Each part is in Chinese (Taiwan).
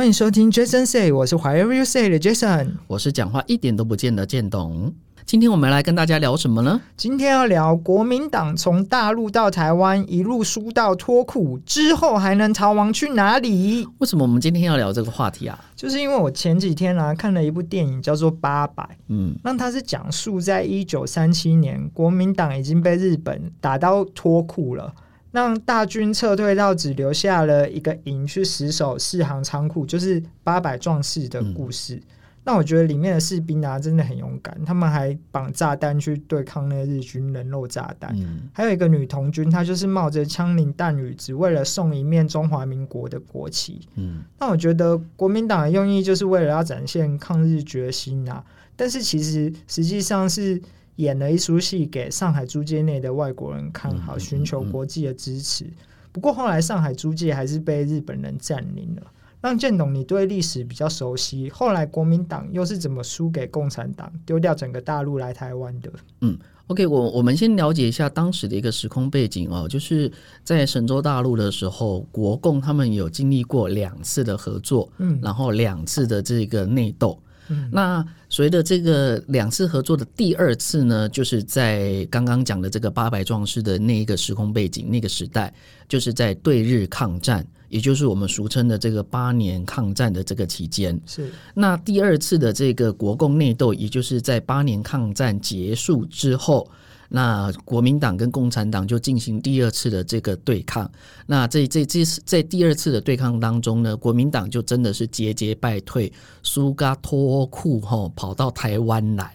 歡迎收聽 Jayson Say，我是 Whatever You Say 的 Jayson，我是講話一點都不見得見懂。今天我們來，來跟大家聊什麼呢？今天要聊國民黨從大陸到台灣一路輸到脫褲之後還能逃亡去哪裡？為什麼我們今天要聊這個話題啊？就是因為我前幾天呢、啊、看了一部電影叫做《八佰》，嗯，那它是講述在一九三七年國民黨已經被日本打到脫褲了。讓大軍撤退到只留下了一個營去死守四行倉庫，就是八百壯士的故事。嗯。那我覺得裡面的士兵啊真的很勇敢，他們還綁炸彈去對抗那個日軍人肉炸彈。嗯。還有一個女童軍，她就是冒着槍林彈雨，只為了送一面中華民國的國旗。嗯，那我覺得國民黨的用意就是為了要展現抗日決心啊，但是其實實際上是。演了一出戲給上海租界內的外國人看好，尋求國際的支持。不過後來上海租界還是被日本人占領了。讓建董，你對歷史比較熟悉，後來國民黨又是怎麼輸給共產黨，丟掉整個大陸來台灣的嗯？嗯，OK，我我們先了解一下當時的一個時空背景哦，就是在神州大陸的時候，國共他們有經歷過兩次的合作，嗯，然後兩次的這個內鬥。嗯嗯，那隨着這個兩次合作的第二次呢，就是在剛剛講的這個八百壯士的那一個時空背景、那個時代，就是在對日抗戰，也就是我們俗稱的這個八年抗戰的這個期間。是，那第二次的這個國共內鬥，也就是在八年抗戰結束之後。那國民黨跟共產黨就進行第二次的這個對抗。那這這這次在第二次的對抗當中呢，國民黨就真的是節節敗退，輸嘎脫褲吼跑到台灣來。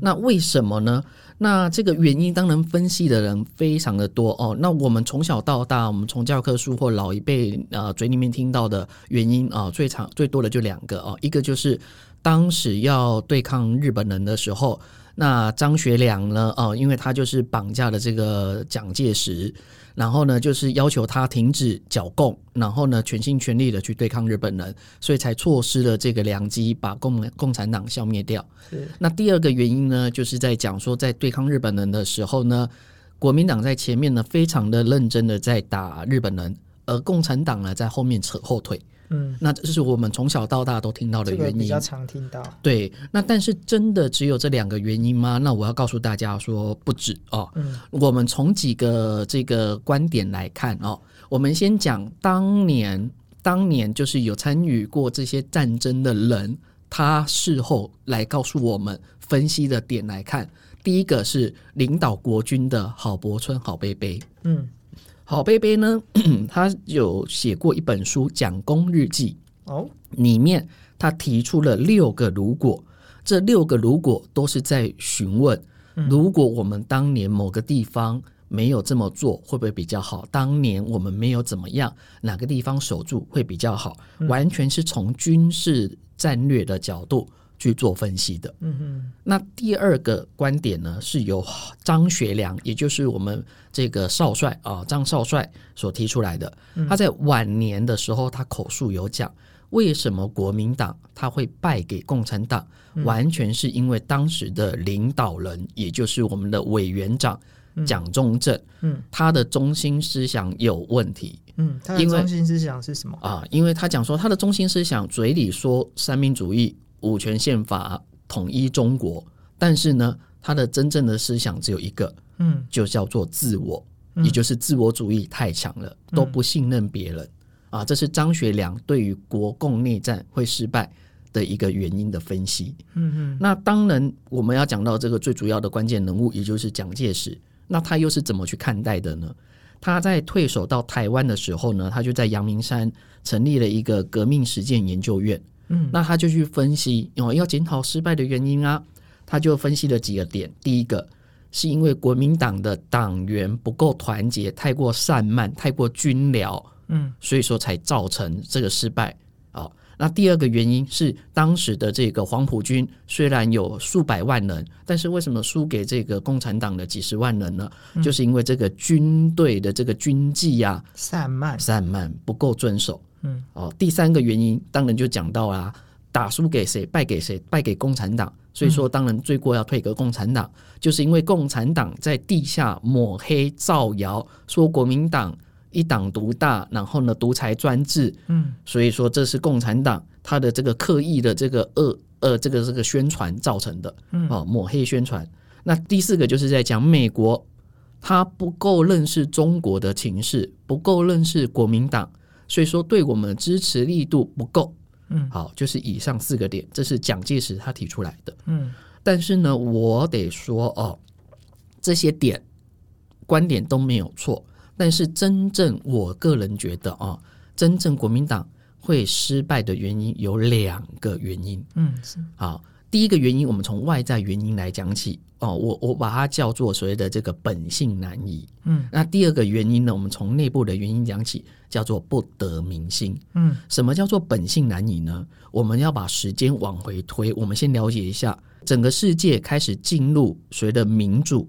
那為什麼呢？那這個原因當然分析的人非常的多哦。那我們從小到大，我們從教科書或老一輩啊、呃、嘴裡面聽到的原因啊、呃，最常最多的就兩個哦。一個就是當時要對抗日本人的時候。那張學良呢？哦，因為他就是綁架了這個蔣介石，然後呢，就是要求他停止剿共，然後呢，全心全力的去對抗日本人，所以才錯失了這個良機，把共共產黨消滅掉。那第二個原因呢，就是在講說，在對抗日本人的時候呢，國民黨在前面呢，非常的認真的在打日本人，而共產黨呢，在後面扯後腿。嗯，那這是我們從小到大都聽到的原因，這個、比較常聽到。對，那但是真的只有這兩個原因嗎？那我要告訴大家說不止哦。嗯。我們從幾個這個觀點來看哦，我們先講當年，當年就是有參與過這些戰爭的人，他事後來告訴我們分析的點來看，第一個是領導國軍的郝柏村、郝貝貝。嗯。郝柏村呢？ 他有寫過一本書《蔣公日記》，哦，裡面他提出了六個如果，這六個如果都是在詢問：如果我們當年某個地方沒有這麼做，會不會比較好？當年我們沒有怎麼樣，哪個地方守住會比較好？完全是從軍事戰略的角度。去做分析的，嗯嗯。那第二個觀點呢，是由張學良，也就是我們這個少帥啊，呃、張少帥所提出來的。嗯。他在晚年的時候，他口述有講，為什麼國民黨他會敗給共產黨，嗯，完全是因為當時的領導人，也就是我們的委員長嗯、蔣中正，嗯，他的中心思想有問題，嗯，他的中心思想是什麼啊、呃？因為他講說，他的中心思想嘴裡說三民主義。五權憲法統一中國，但是呢，他的真正的思想只有一個，嗯，就叫做自我，嗯，也就是自我主義太強了，都不信任別人啊。這是張學良對於國共內戰會失敗的一個原因的分析。嗯嗯。那當然，我們要講到這個最主要的關鍵人物，也就是蔣介石。那他又是怎麼去看待的呢？他在退守到台灣的時候呢，他就在陽明山成立了一個革命實踐研究院。嗯，那他就去分析哦，要檢討失敗的原因啊，他就分析了幾個點，第一個是因為國民黨的黨員不夠團結，太過散漫，太過軍僚，嗯，所以說才造成這個失敗啊。哦那第二個原因是，當時的這個黃埔軍雖然有數百萬人，但是為什麼輸給這個共產黨的幾十萬人呢？嗯。就是因為這個軍隊的這個軍紀呀、啊、散漫，散漫不夠遵守。嗯，哦，第三個原因當然就講到啦，打輸給誰，敗給誰，敗給共產黨。所以說，當然罪過要推給共產黨，嗯，就是因為共產黨在地下抹黑造謠，說國民黨。一黨獨大，然後呢，獨裁專制，嗯，所以說這是共產黨他的這個刻意的這個惡呃這個這個宣傳造成的，嗯，哦，抹黑宣傳。那第四個就是在講美國，他不夠認識中國的情勢，不夠認識國民黨，所以說對我們支持力度不夠，嗯，好，就是以上四個點，這是蔣介石他提出來的，嗯，但是呢，我得說哦，這些點觀點都沒有錯。但是真正我個人覺得啊、哦，真正國民黨會失敗的原因有兩個原因。嗯，是。好、哦，第一個原因我們從外在原因來講起哦，我我把它叫做所謂的這個本性難移。嗯，那第二個原因呢，我們從內部的原因講起，叫做不得民心。嗯，什麼叫做本性難移呢？我們要把時間往回推，我們先了解一下整個世界開始進入所謂的民主，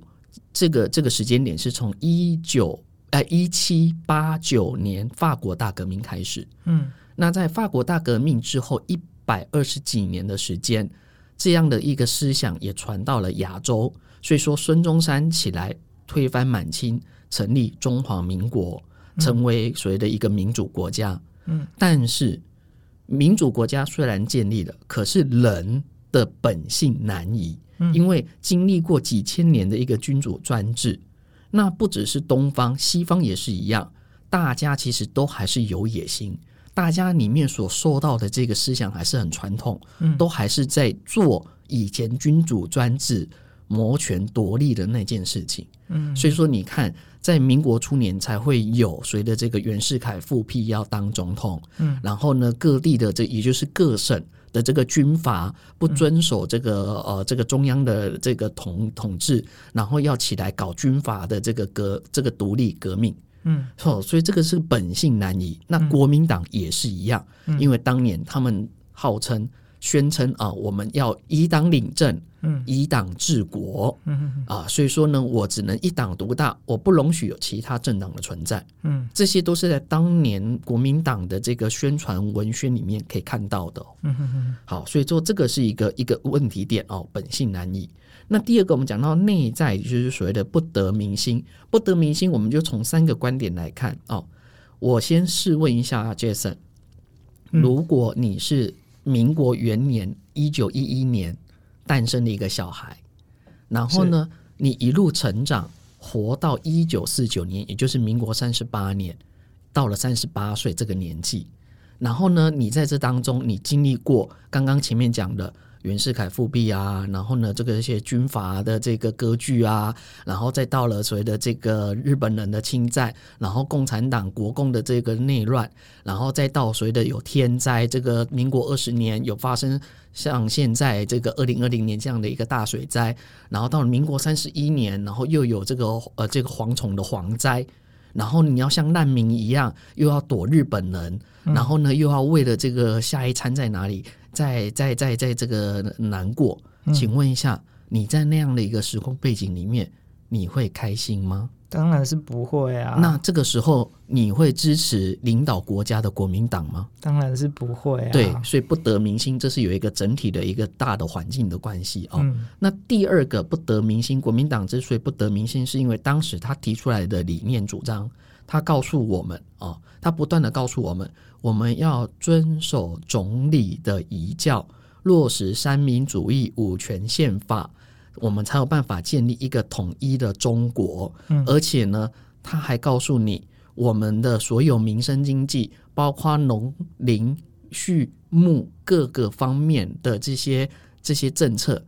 這個這個時間點是從一九。在一七八九年，法國大革命開始。嗯，那在法國大革命之後一百二十幾年的時間，這樣的一個思想也傳到了亞洲。所以說，孫中山起來推翻滿清，成立中華民國，成為所謂的一個民主國家。嗯，但是民主國家雖然建立了，可是人的本性難移，嗯，因為經歷過幾千年的一個君主專制。那不只是東方，西方也是一樣。大家其實都還是有野心，大家裡面所受到的這個思想還是很傳統、嗯，都還是在做以前君主專制、謀權奪利的那件事情、嗯。所以說你看，在民國初年才會有隨着這個袁世凱復辟要當總統、嗯，然後呢，各地的這也就是各省。的這個軍閥不遵守這個呃這個中央的這個統統治，然後要起來搞軍閥的這個革這個獨立革命，嗯，錯、哦，所以這個是本性難移。那國民黨也是一樣，嗯、因為當年他們號稱。宣稱啊，我們要以黨領政，嗯、以黨治國、嗯哼哼，啊，所以說呢，我只能一黨獨大，我不容許有其他政黨的存在，嗯，這些都是在當年國民黨的這個宣傳文宣裡面可以看到的，嗯哼哼。好，所以說這個是一個一個問題點哦，本性難移。那第二個，我們講到內在，就是所謂的不得民心，不得民心，我們就從三個觀點來看哦。我先試問一下，Jason，如果你是，嗯。民國元年，一九一一年誕生的一個小孩，然後呢，你一路成長，活到一九四九年，也就是民國三十八年，到了三十八歲這個年紀，然後呢，你在這當中，你經歷過剛剛前面講的。袁世凱復辟啊，然後呢，這個一些軍閥的這個割據啊，然後再到了所謂的這個日本人的侵占，然後共產黨國共的這個內亂，然後再到所謂的有天災，這個民國二十年有發生像現在這個二零二零年這樣的一個大水災，然後到了民國三十一年，然後又有這個呃這個蝗蟲的蝗災，然後你要像難民一樣，又要躲日本人，然後呢又要為了這個下一餐在哪裡。在在在在這個難過，嗯、請問一下，你在那樣的一個時空背景裡面，你會開心嗎？當然是不會啊。那這個時候，你會支持領導國家的國民黨嗎？當然是不會啊。對，所以不得民心，這是有一個整體的一個大的環境的關係啊、喔。嗯。那第二個不得民心，國民黨之所以不得民心，是因為當時他提出來的理念主張，他告訴我們哦、喔，他不斷的告訴我們，我們要遵守總理的遺教，落實三民主義、五權憲法，我們才有辦法建立一個統一的中國，嗯。而且呢，他還告訴你，我們的所有民生經濟，包括農林畜牧各個方面的這些這些政策，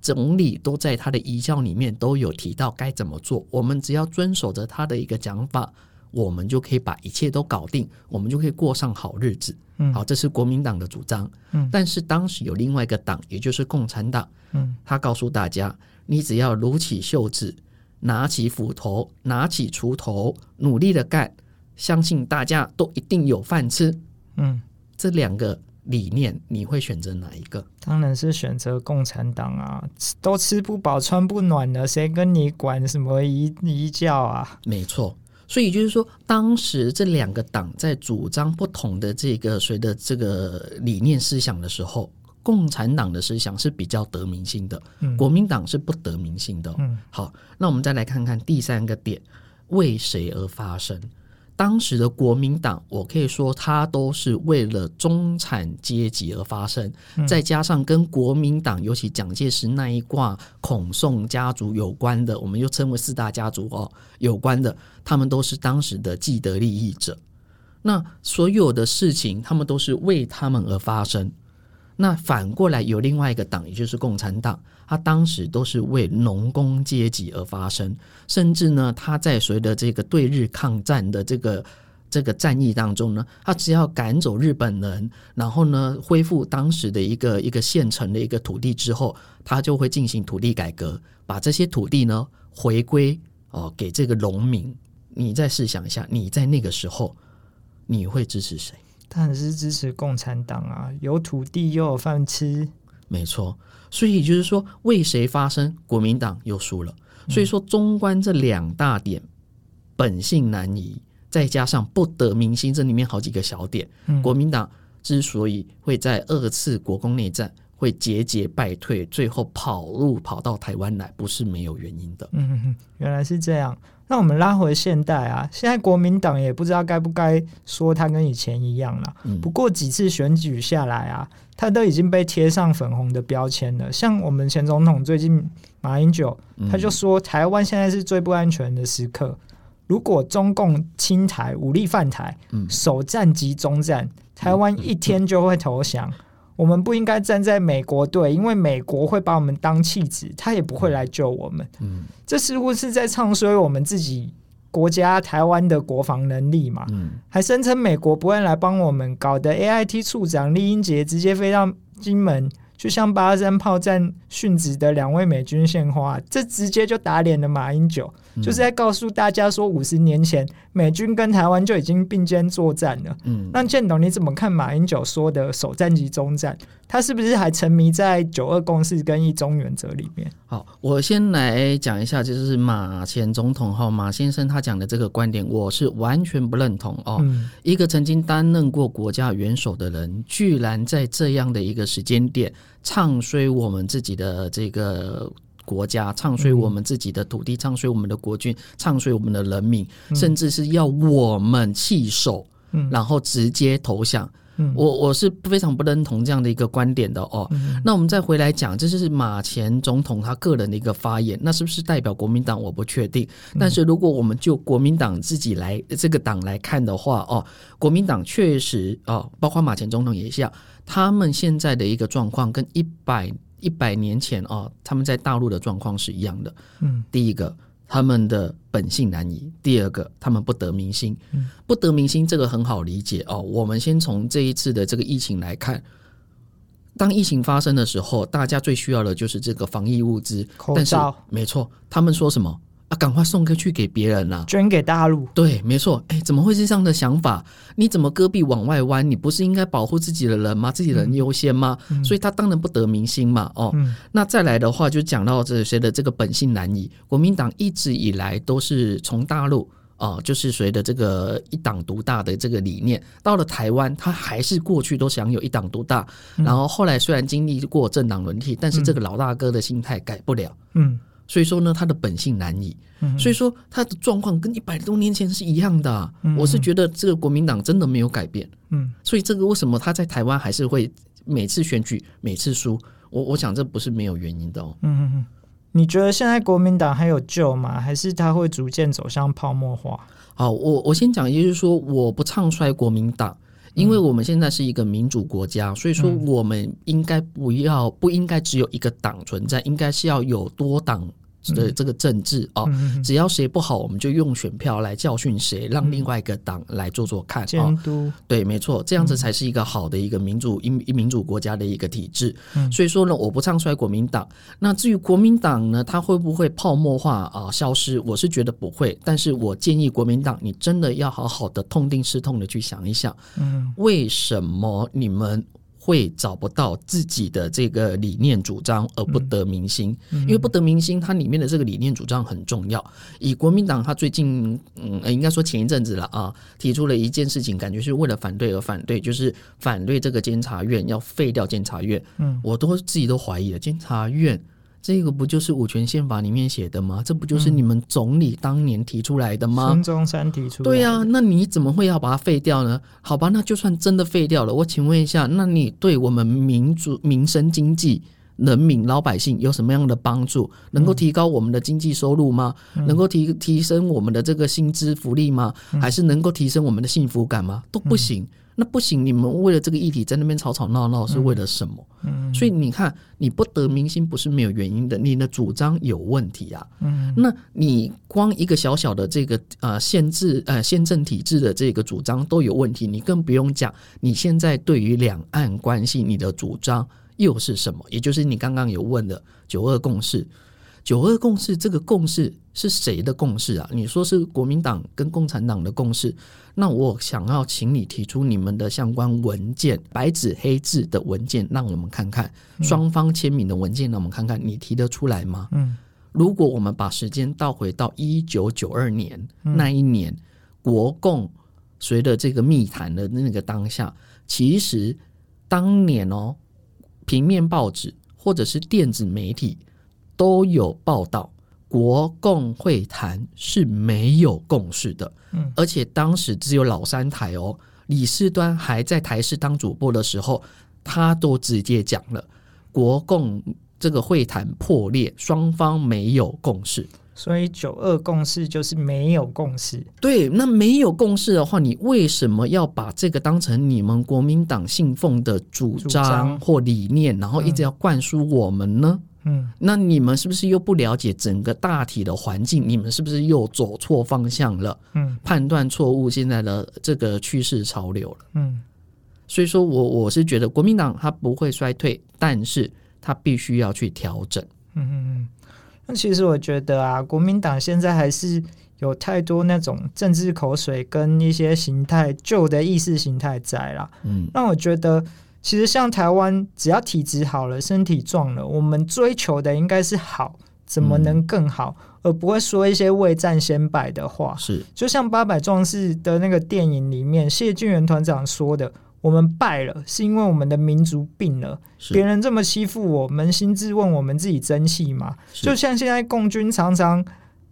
總理都在他的遺教裡面都有提到該怎麼做。我們只要遵守着他的一個講法。我們就可以把一切都搞定，我們就可以過上好日子。嗯，好，這是國民黨的主張。嗯，但是當時有另外一個黨，也就是共產黨。嗯，他告訴大家：你只要擼起袖子，拿起斧頭，拿起鋤頭，努力的幹，相信大家都一定有飯吃。嗯，這兩個理念，你會選擇哪一個？當然是選擇共產黨啊！都吃不飽，穿不暖的，誰跟你管什麼衣衣教啊？沒錯。所以就是說，當時這兩個黨在主張不同的這個誰的這個理念思想的時候，共產黨的思想是比較得民心的，國民黨是不得民心的。好，那我們再來看看第三個點，為誰而發聲。當時的國民黨，我可以說，他都是為了中產階級而發生。嗯。再加上跟國民黨，尤其蔣介石那一掛孔宋家族有關的，我們又稱為四大家族哦，有關的，他們都是當時的既得利益者。那所有的事情，他們都是為他們而發生。那反過來有另外一個黨，也就是共產黨，他當時都是為農工階級而發聲，甚至呢，他在隨着這個對日抗戰的這個這個戰役當中呢，他只要趕走日本人，然後呢，恢復當時的一個一個縣城的一個土地之後，他就會進行土地改革，把這些土地呢回歸哦給這個農民。你再試想一下，你在那個時候，你會支持誰？他很是支持共產黨啊，有土地又有飯吃。沒錯，所以就是說為誰發聲，國民黨又輸了。所以說，綜觀這兩大點，本性難移，再加上不得民心，這裡面好幾個小點。國民黨之所以會在二次國共內戰會節節敗退，最後跑路，跑到台灣來，不是沒有原因的。嗯，原來是這樣。那我們拉回現代啊，現在國民黨也不知道該不該說他跟以前一樣了，嗯。不過幾次選舉下來啊，他都已經被貼上粉紅的標籤了。像我們前總統最近馬英九，他就說台灣現在是最不安全的時刻。嗯，如果中共侵台，武力犯台。嗯，首戰即終戰，台灣一天就會投降。嗯嗯嗯我們不應該站在美國隊，因為美國會把我們當棄子，他也不會來救我們。嗯，這似乎是在唱衰我們自己國家台灣的國防能力嘛？嗯，還聲稱美國不會來幫我們，搞得 AIT 處長酈英傑直接飛到金門。嗯嗯就像八二三炮戰殉職的兩位美軍獻花，這直接就打臉了馬英九。嗯，就是在告訴大家說，五十年前美軍跟台灣就已經並肩作戰了。嗯，那建董，你怎麼看馬英九說的“首戰即終戰”？他是不是還沉迷在“九二共識”跟“一中原則”裡面？好，我先來講一下，就是馬前總統和馬先生他講的這個觀點，我是完全不認同哦，嗯。一個曾經擔任過國家元首的人，居然在這樣的一個時間點，唱衰我們自己的這個國家，唱衰我們自己的土地，唱衰我們的國軍，唱衰我們的人民，甚至是要我們棄守，然後直接投降。嗯、我我是非常不認同這樣的一個觀點的哦。嗯、那我們再回來講，這就是馬前總統他個人的一個發言，那是不是代表國民黨我不確定。但是如果我們就國民黨自己來、嗯、這個黨來看的話哦，國民黨確實哦，包括馬前總統也一樣，他們現在的一個狀況跟一百一百年前哦，他們在大陸的狀況是一樣的。嗯，第一個。他們的本性難移。第二個，他們不得民心。嗯、不得民心，這個很好理解哦。我們先從這一次的這個疫情來看，當疫情發生的時候，大家最需要的就是這個防疫物資，口罩。但是沒錯，他們說什麼？啊，趕快送個去給別人啊，捐給大陸。對，沒錯。哎、欸，怎麼會是這樣的想法？你怎麼戈壁往外彎？你不是應該保護自己的人嗎？自己的人優先嗎、嗯？所以他當然不得民心嘛。哦，嗯、那再來的話，就講到這誰的這個本性難移。國民黨一直以來都是從大陸啊、呃，就是隨着這個一黨獨大的這個理念，到了台灣，他還是過去都想有一黨獨大、嗯。然後後來雖然經歷過政黨輪替，但是這個老大哥的心態改不了。嗯。嗯所以說呢，他的本性難移，嗯，所以說他的狀況跟一百多年前是一樣的，啊嗯。我是覺得這個國民黨真的沒有改變，嗯，所以這個為什麼他在台灣還是會每次選舉每次輸？我我想這不是沒有原因的哦。嗯嗯，你覺得現在國民黨還有救嗎？還是他會逐漸走向泡沫化？好，我我先講，也就是說我不唱衰國民黨。因為我們現在是一個民主國家，所以說我們應該不要，不應該只有一個黨存在，應該是要有多黨。的這個政治啊、嗯嗯嗯，只要誰不好，我們就用選票來教訓誰，嗯、讓另外一個黨來做做看啊。監督，對，沒錯，這樣子才是一個好的一個民主一一、嗯、民主國家的一個體制。嗯、所以說呢，我不唱衰國民黨。那至於國民黨呢，它會不會泡沫化啊、呃、消失？我是覺得不會，但是我建議國民黨，你真的要好好的痛定思痛的去想一想，嗯、為什麼你們？會找不到自己的這個理念主張而不得民心，因為不得民心，它裡面的這個理念主張很重要。以國民黨，他最近，嗯，應該說前一陣子了啊，提出了一件事情，感覺是為了反對而反對，就是反對這個監察院要廢掉監察院。嗯，我都自己都懷疑了，監察院。這個不就是五權憲法裡面寫的嗎？這不就是你們總理當年提出來的嗎？嗯，孫中山提出來的。對啊，那你怎麼會要把它廢掉呢？好吧，那就算真的廢掉了，我請問一下，那你對我們民主、民生、經濟、人民、老百姓有什麼樣的幫助？能夠提高我們的經濟收入嗎？嗯、能夠提提升我們的這個薪資福利嗎？嗯、還是能夠提升我們的幸福感嗎？都不行、嗯。那不行，你們為了這個議題在那邊吵吵鬧鬧是為了什麼、嗯？所以你看，你不得民心不是沒有原因的。你的主張有問題啊。嗯，那你光一個小小的這個呃限制呃憲政體制的這個主張都有問題，你更不用講。你現在對於兩岸關係你的主張。又是什麼？也就是你剛剛有問的“九二共識”，“九二共識”這個共識是誰的共識啊？你說是國民黨跟共產黨的共識，那我想要請你提出你們的相關文件，白紙黑字的文件讓我們看看。嗯、文件讓我們看看雙方簽名的文件，讓我們看看你提得出來嗎？嗯、如果我們把時間倒回到一九九二年那一年，嗯、國共隨着這個密談的那個當下，其實當年哦、喔。平面報紙或者是電子媒體都有報道，國共會談是沒有共識的。嗯，而且當時只有老三台哦，李四端還在台視當主播的時候，他都直接講了國共這個會談破裂，雙方沒有共識。所以“九二共識”就是沒有共識。對，那沒有共識的話，你為什麼要把這個當成你們國民黨信奉的主張或理念，嗯，然後一直要灌輸我們呢？嗯，那你們是不是又不了解整個大體的環境？你們是不是又走錯方向了？嗯，判斷錯誤現在的這個趨勢潮流了。嗯，所以說我我是覺得國民黨它不會衰退，但是它必須要去調整。嗯嗯嗯。那其實我覺得啊，國民黨現在還是有太多那種政治口水跟一些形態舊的意識形態在啦。嗯，那我覺得其實像台灣，只要體質好了、身體壯了，我們追求的應該是好，怎麼能更好，嗯、而不會說一些未戰先敗的話。是，就像《八百壯士》的那個電影裡面，謝晉元團長說的。我們敗了，是因為我們的民族病了。別人這麼欺負我們，捫心自問我們自己爭氣嗎？就像現在，共軍常常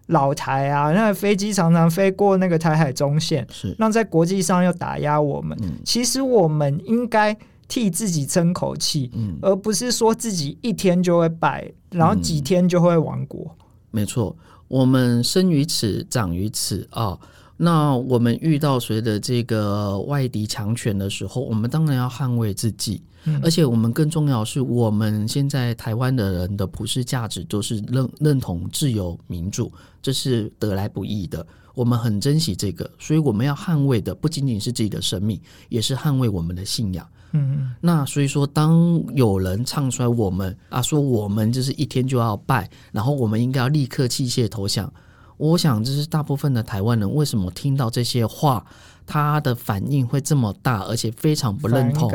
老台啊，那個、飛機常常飛過那個台海中線，是那在國際上要打壓我們、嗯。其實我們應該替自己爭口氣、嗯，而不是說自己一天就會敗，然後幾天就會亡國。嗯、沒錯，我們生於此，長於此啊。哦那我們遇到所謂的這個外敵強權的時候，我們當然要捍衛自己，嗯，而且我們更重要的是我們現在台灣的人的普世價值都是認認同自由民主，這是得來不易的，我們很珍惜這個，所以我們要捍衛的不僅僅是自己的生命，也是捍衛我們的信仰。嗯，那所以說，當有人唱衰我們啊，說我們就是一天就要敗，然後我們應該要立刻棄械投降。我想，就是大部分的台灣人為什麼聽到這些話，他的反應會這麼大，而且非常不認同。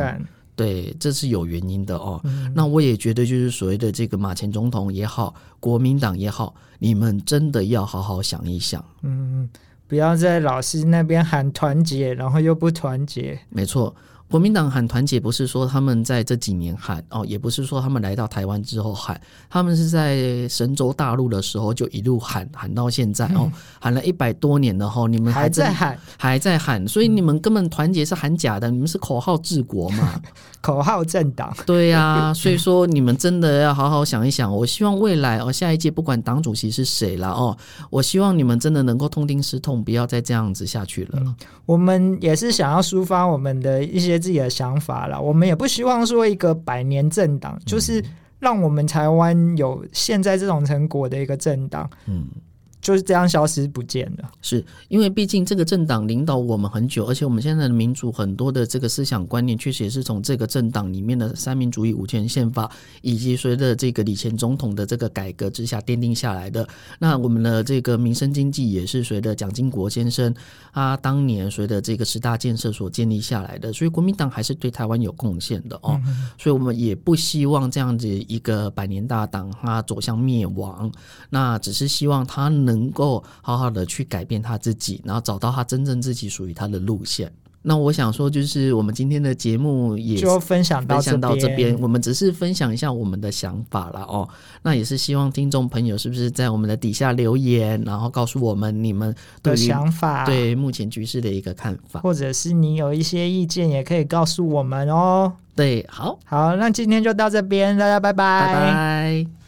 對，這是有原因的哦。嗯、那我也覺得，就是所謂的這個馬前總統也好，國民黨也好，你們真的要好好想一想，嗯，不要在老師那邊喊團結，然後又不團結。沒錯。國民黨喊團結，不是說他們在這幾年喊哦，也不是說他們來到台灣之後喊，他們是在神州大陸的時候就一路喊喊到現在哦，喊了一百多年了吼，你們還在，還在喊，還在喊，所以你們根本團結是喊假的，你們是口號治國嘛，口號政黨。對呀、啊，所以說你們真的要好好想一想， 我希望未來哦，下一屆不管黨主席是誰了哦，我希望你們真的能夠痛定思痛，不要再這樣子下去了，嗯。我們也是想要抒發我們的一些，自己的想法啦，我們也不希望說一個百年政黨、嗯，就是讓我們台灣有現在這種成果的一個政黨。嗯。就是這樣消失不見的，是因為畢竟這個政黨領導我們很久，而且我們現在的民主很多的這個思想觀念，確實也是從這個政黨裡面的三民主義、五權憲法，以及隨着這個李前總統的這個改革之下奠定下來的。那我們的這個民生經濟也是隨着蔣經國先生啊當年隨着這個十大建設所建立下來的，所以國民黨還是對台灣有貢獻的哦。 所以我們也不希望這樣子一個百年大黨他走向滅亡，那只是希望它能。能夠好好的去改變他自己，然後找到他真正自己屬於他的路線。那我想說，就是我們今天的節目也就分享到這邊，我們只是分享一下我們的想法了哦。那也是希望聽眾朋友是不是在我們的底下留言，然後告訴我們你們的想法，對目前局勢的一個看法，或者是你有一些意見也可以告訴我們哦。對，好，好，那今天就到這邊，大家拜拜，拜拜。